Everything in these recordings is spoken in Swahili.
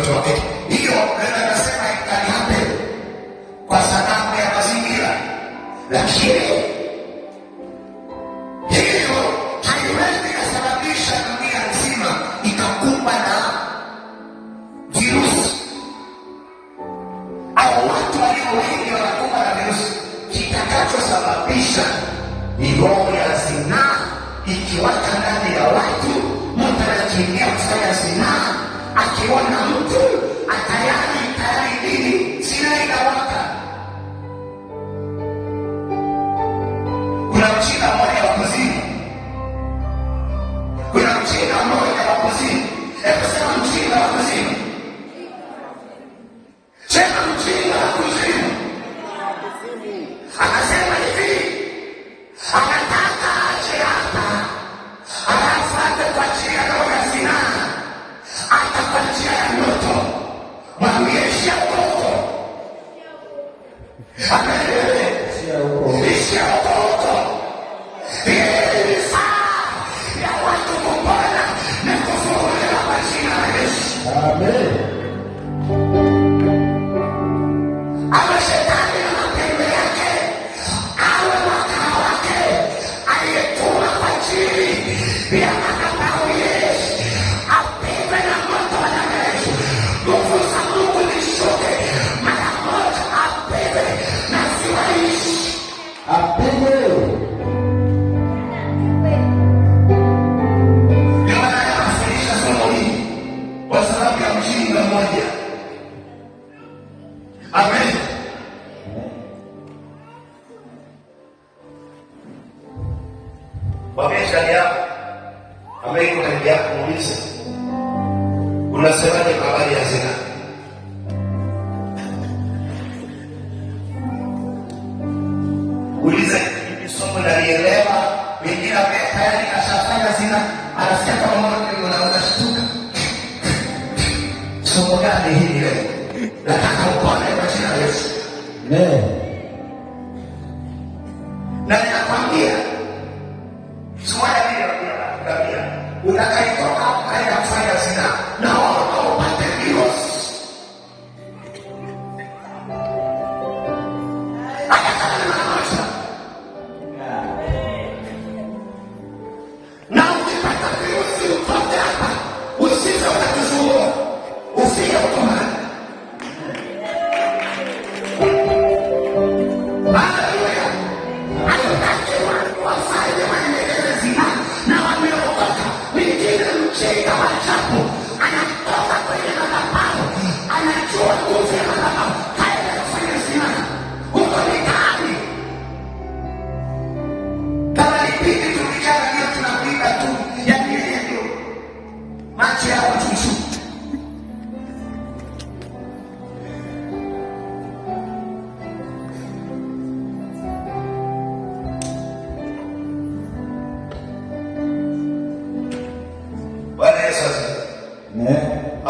itokee hiyo. Naweza kasema ikaniape kwa sababu ya mazingira, lakini hiyo haiwezi ikasababisha dunia nzima ikakumbwa na virusi au watu walio wengi wanakumbwa na virusi. Kitakachosababisha ni roho ya zinaa ikiwaka ndani ya watu, mtu anakimbia kufanya zinaa akiona mtu atayari tayari dini sina ikawa nyumba moja. Amen. Mwambie unasemaje kwa habari ya zina? Uliza nataka upone kwa jina la Yesu. Amen. Na ninakwambia siku moja vile unakuambia unakaitoka ukaenda kufanya zinaa na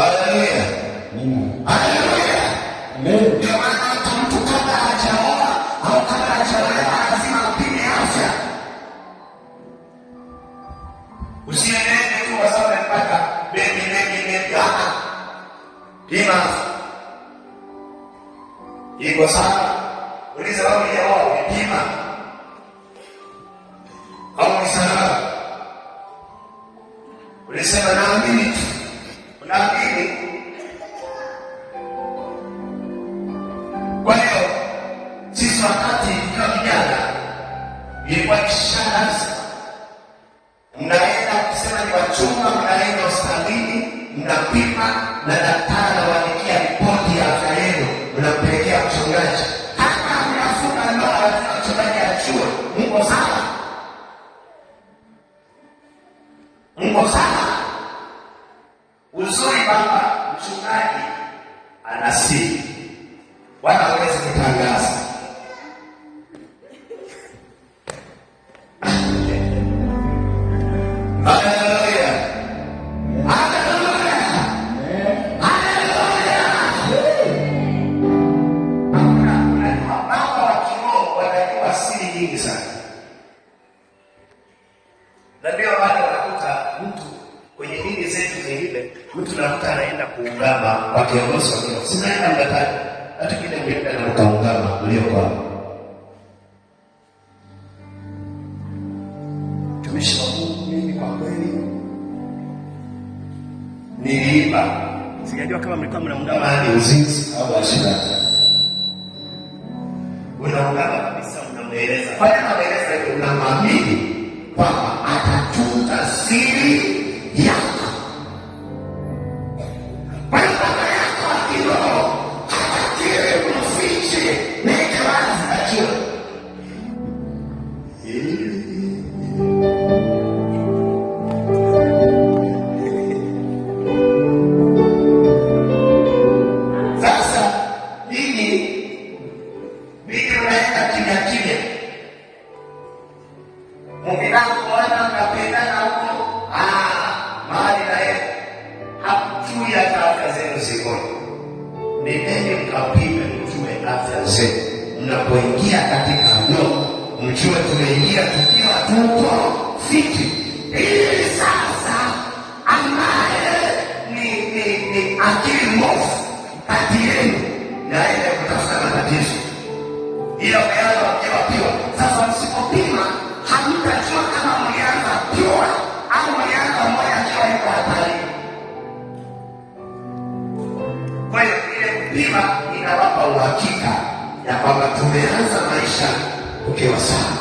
Aleluia. Amém. Aleluia. Amém. kabisa, wakati nikiwa kijana nilikuwa kishangazi, mnaenda kusema ni wachunga, mnaenda hospitalini mnapima na daktari mpatia Musa sinaenda mdatani, hata kile ngeenda na mkaungama uliokwama. Mtumishi wa Mungu, mimi kwa kweli niliiba, sijajua kama mlikuwa mnaungama ni uzinzi au ashira. Unaungama kabisa, unamweleza fanya maeleza, unamwamini kwamba atatuta nendeni mkapime mjue afya zetu. Mnapoingia katika ndoa mjue tumeingia tukiwa tuko fiti. uhakika ya kwamba tumeanza maisha ukiwa sawa.